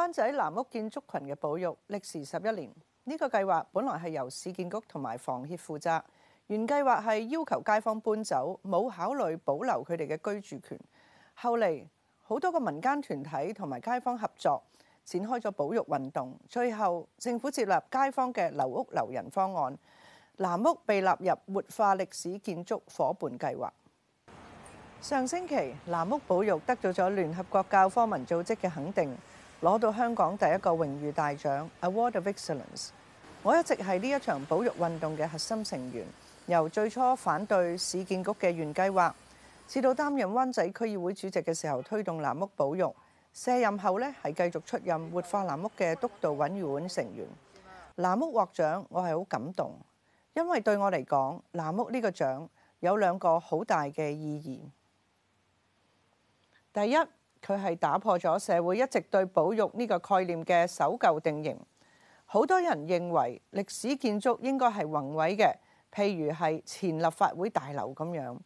灣仔藍屋建築群嘅保育歷時十一年，呢、這個計劃本來係由市建局同埋房協負責，原計劃係要求街坊搬走，冇考慮保留佢哋嘅居住權。後嚟好多個民間團體同埋街坊合作，展開咗保育運動。最後政府接納街坊嘅留屋留人方案，藍屋被納入活化歷史建築伙伴計劃。上星期藍屋保育得到咗聯合國教科文組織嘅肯定。攞到香港第一個榮譽大獎 Award of Excellence，我一直係呢一場保育運動嘅核心成員，由最初反對市建局嘅原計劃，至到擔任灣仔區議會主席嘅時候推動藍屋保育，卸任後呢，係繼續出任活化藍屋嘅督導委員會成員。藍屋獲獎，我係好感動，因為對我嚟講，藍屋呢個獎有兩個好大嘅意義。第一，佢係打破咗社會一直對保育呢個概念嘅守舊定型。好多人認為歷史建築應該係宏偉嘅，譬如係前立法會大樓咁樣。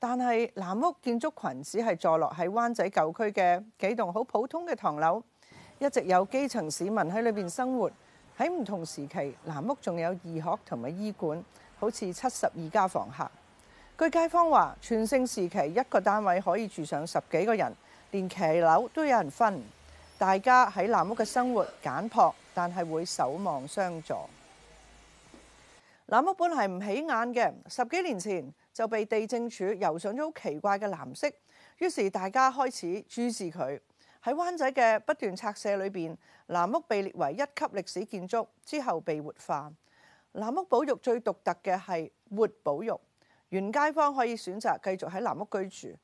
但係藍屋建築群只係坐落喺灣仔舊區嘅幾棟好普通嘅唐樓，一直有基層市民喺裏面生活。喺唔同時期，藍屋仲有義學同埋醫館，好似七十二家房客。據街坊話，全盛時期一個單位可以住上十幾個人。連騎樓都有人分，大家喺藍屋嘅生活簡樸，但係會守望相助。藍屋本嚟唔起眼嘅，十幾年前就被地政署塗上咗奇怪嘅藍色，於是大家開始注視佢。喺灣仔嘅不斷拆卸裏面，藍屋被列為一級歷史建築，之後被活化。藍屋保育最獨特嘅係活保育，原街坊可以選擇繼續喺藍屋居住。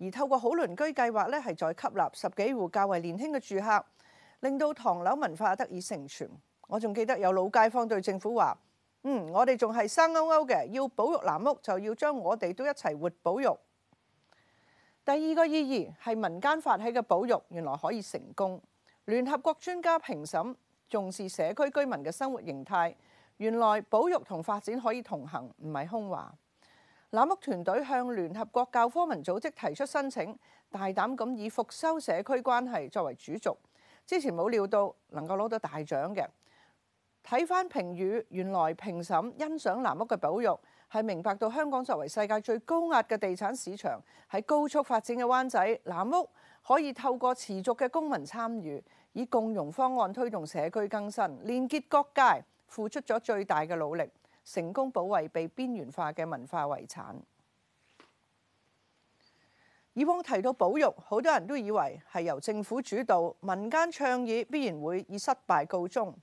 而透過好鄰居計劃呢，係再吸納十幾戶較為年輕嘅住客，令到唐樓文化得以成全。我仲記得有老街坊對政府話：嗯，我哋仲係生勾勾嘅，要保育藍屋就要將我哋都一齊活保育。第二個意義係民間發起嘅保育原來可以成功。聯合國專家評審重視社區居民嘅生活形態，原來保育同發展可以同行，唔係空話。藍屋團隊向聯合國教科文組織提出申請，大膽咁以復修社區關係作為主軸。之前冇料到能夠攞到大獎嘅，睇返評語，原來評審欣賞藍屋嘅保育係明白到香港作為世界最高壓嘅地產市場，喺高速發展嘅灣仔，藍屋可以透過持續嘅公民參與，以共融方案推動社區更新，連結各界，付出咗最大嘅努力。成功保衛被邊緣化嘅文化遺產。以往提到保育，好多人都以為係由政府主導、民間倡議，必然會以失敗告終。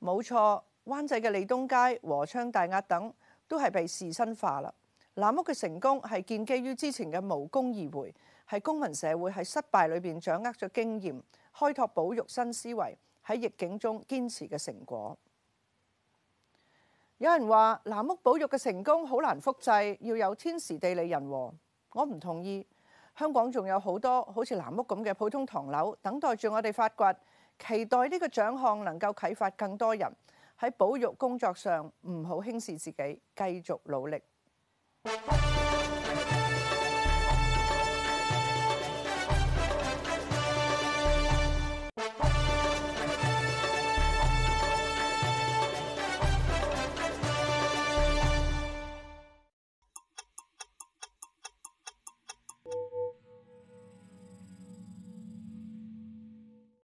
冇錯，灣仔嘅利東街、和昌大押等都係被視新化仕紳化啦。藍屋嘅成功係建基於之前嘅無功而回，係公民社會喺失敗裏面掌握咗經驗，開拓保育新思維，喺逆境中堅持嘅成果。有人話藍屋保育嘅成功好難複製，要有天時地利人和。我唔同意。香港仲有很多好多好似藍屋咁嘅普通唐樓，等待住我哋發掘，期待呢個獎項能夠啟發更多人喺保育工作上唔好輕視自己，繼續努力。